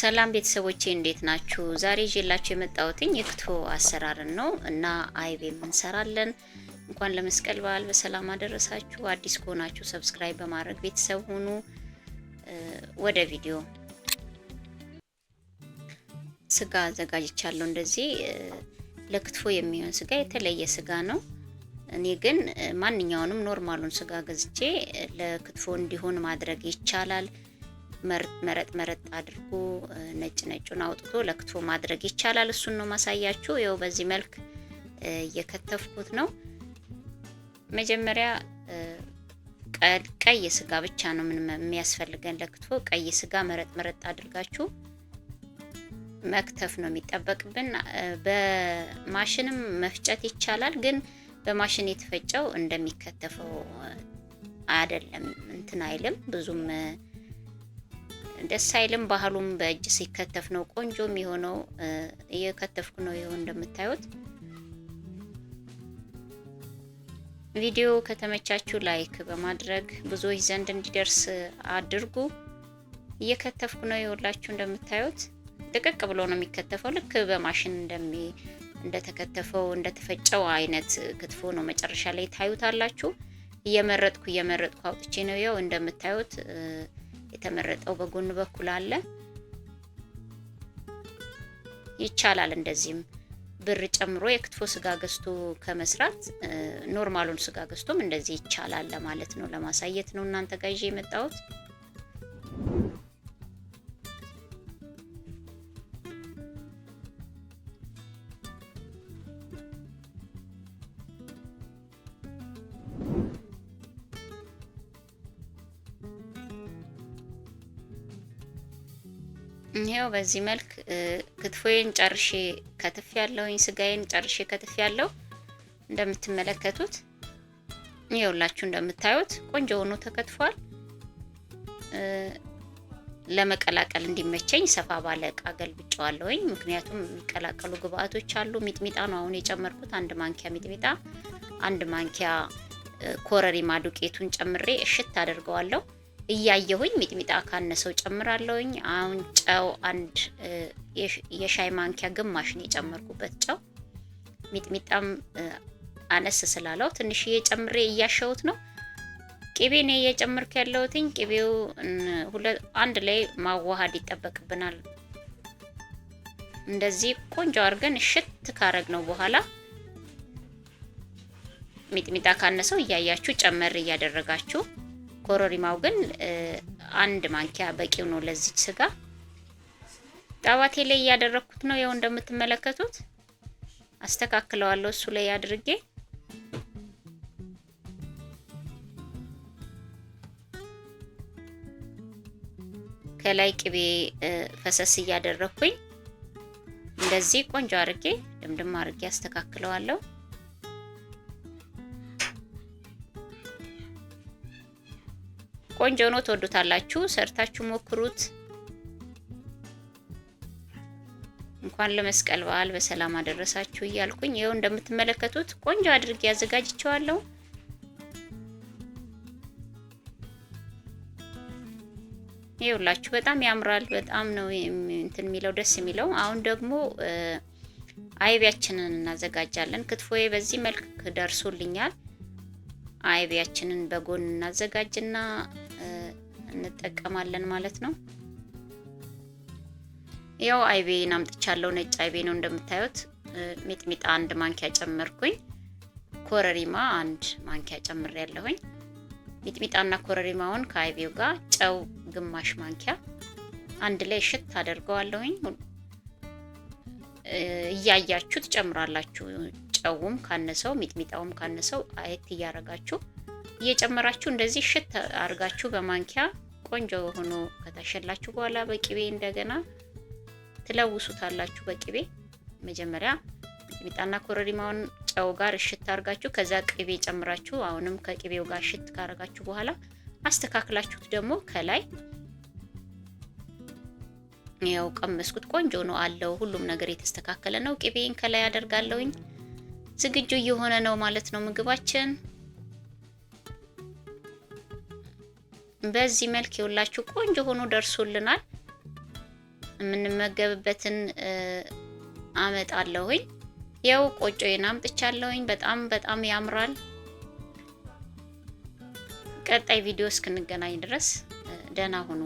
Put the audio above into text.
ሰላም ቤተሰቦቼ እንዴት ናችሁ? ዛሬ ይዤላችሁ የመጣሁትኝ የክትፎ አሰራርን ነው እና አይቤም እንሰራለን። እንኳን ለመስቀል በዓል በሰላም አደረሳችሁ። አዲስ ከሆናችሁ ሰብስክራይብ በማድረግ ቤተሰብ ሁኑ። ወደ ቪዲዮ ስጋ አዘጋጅቻለሁ። እንደዚህ ለክትፎ የሚሆን ስጋ የተለየ ስጋ ነው። እኔ ግን ማንኛውንም ኖርማሉን ስጋ ገዝቼ ለክትፎ እንዲሆን ማድረግ ይቻላል። መረጥ መረጥ አድርጎ ነጭ ነጩን አውጥቶ ለክቶ ማድረግ ይቻላል። እሱን ነው ማሳያችሁ። ይኸው በዚህ መልክ እየከተፍኩት ነው። መጀመሪያ ቀይ ስጋ ብቻ ነው ምን የሚያስፈልገን ለክትፎ። ቀይ ስጋ መረጥ መረጥ አድርጋችሁ መክተፍ ነው የሚጠበቅብን። በማሽንም መፍጨት ይቻላል፣ ግን በማሽን የተፈጨው እንደሚከተፈው አይደለም፣ እንትን አይልም ብዙም ደስ አይልም። ባህሉም በእጅ ሲከተፍ ነው ቆንጆ የሚሆነው። እየከተፍኩ ነው ይኸው እንደምታዩት። ቪዲዮ ከተመቻችሁ ላይክ በማድረግ ብዙዎች ዘንድ እንዲደርስ አድርጉ። እየከተፍኩ ነው ይኸውላችሁ፣ እንደምታዩት ደቀቅ ብሎ ነው የሚከተፈው። ልክ በማሽን እንደሚ እንደተከተፈው እንደተፈጨው አይነት ክትፎ ነው መጨረሻ ላይ ታዩታላችሁ። እየመረጥኩ እየመረጥኩ አውጥቼ ነው ያው እንደምታዩት የተመረጠው በጎን በኩል አለ። ይቻላል እንደዚህም ብር ጨምሮ የክትፎ ስጋ ገዝቶ ከመስራት ኖርማሉን ስጋ ገዝቶም እንደዚህ ይቻላል ለማለት ነው፣ ለማሳየት ነው እናንተ ጋር ይዤ የመጣሁት። ይሄው በዚህ መልክ ክትፎዬን ጨርሼ ከትፍ ያለውኝ ስጋዬን ጨርሼ ከትፍ ያለው እንደምትመለከቱት ይኸውላችሁ እንደምታዩት ቆንጆ ሆኖ ተከትፏል። ለመቀላቀል እንዲመቸኝ ሰፋ ባለ እቃ ገልብጬዋለሁኝ። ምክንያቱም የሚቀላቀሉ ግብአቶች አሉ። ሚጥሚጣ ነው አሁን የጨመርኩት፣ አንድ ማንኪያ ሚጥሚጣ፣ አንድ ማንኪያ ኮረሪማ ዱቄቱን ጨምሬ እሽት አደርገዋለሁ። እያየሁኝ ሚጥሚጣ ካነሰው ጨምራለሁኝ። አሁን ጨው አንድ የሻይ ማንኪያ ግማሽን የጨመርኩበት ጨው። ሚጥሚጣም አነስ ስላለው ትንሽዬ ጨምሬ እያሸሁት ነው። ቅቤ ነው እየጨመርኩ ያለሁትኝ። ቅቤው አንድ ላይ ማዋሃድ ይጠበቅብናል። እንደዚህ ቆንጆ አድርገን እሽት ካረግ ነው በኋላ ሚጥሚጣ ካነሰው እያያችሁ ጨመር እያደረጋችሁ ኮረሪማው ግን አንድ ማንኪያ በቂው ነው ለዚች ስጋ። ጣባቴ ላይ እያደረኩት ነው። ያው እንደምትመለከቱት አስተካክለዋለሁ እሱ ላይ አድርጌ ከላይ ቅቤ ፈሰስ እያደረኩኝ እንደዚህ ቆንጆ አድርጌ ድምድም አድርጌ አስተካክለዋለሁ። ቆንጆ ነው፣ ትወዱታላችሁ። ሰርታችሁ ሞክሩት። እንኳን ለመስቀል በዓል በሰላም አደረሳችሁ እያልኩኝ ይኸው እንደምትመለከቱት ቆንጆ አድርጌ አዘጋጅቸዋለሁ ይኸውላችሁ በጣም ያምራል። በጣም ነው እንትን የሚለው ደስ የሚለው። አሁን ደግሞ አይቢያችንን እናዘጋጃለን። ክትፎዬ በዚህ መልክ ደርሶልኛል። አይቢያችንን በጎን እናዘጋጅና እንጠቀማለን ማለት ነው። ያው አይቤን አምጥቻለሁ። ነጭ አይቤ ነው እንደምታዩት። ሚጥሚጣ አንድ ማንኪያ ጨመርኩኝ። ኮረሪማ አንድ ማንኪያ ጨምር ያለሁኝ። ሚጥሚጣና ኮረሪማውን ከአይቤው ጋር ጨው ግማሽ ማንኪያ አንድ ላይ እሽት አደርገዋለሁኝ። እያያችሁ ትጨምራላችሁ። ጨውም ካነሰው ሚጥሚጣውም ካነሰው አየት እያረጋችሁ እየጨመራችሁ እንደዚህ እሽት አድርጋችሁ በማንኪያ ቆንጆ ሆኖ ከታሸላችሁ በኋላ በቂቤ እንደገና ትለውሱታላችሁ። በቂቤ መጀመሪያ ሚጥሚጣና ኮረሪማውን ጨው ጋር እሽት አርጋችሁ ከዛ ቅቤ ጨምራችሁ አሁንም ከቅቤው ጋር እሽት ካረጋችሁ በኋላ አስተካክላችሁት ደግሞ ከላይ ያው ቀመስኩት። ቆንጆ ነው አለው። ሁሉም ነገር የተስተካከለ ነው። ቅቤን ከላይ አደርጋለሁኝ። ዝግጁ እየሆነ ነው ማለት ነው ምግባችን። በዚህ መልክ ይውላችሁ ቆንጆ ሆኖ ደርሶልናል። የምንመገብበትን አመጣለሁኝ። ያው ቆጮዬን አምጥቻለሁኝ። በጣም በጣም ያምራል። ቀጣይ ቪዲዮ እስክንገናኝ ድረስ ደህና ሁኑ።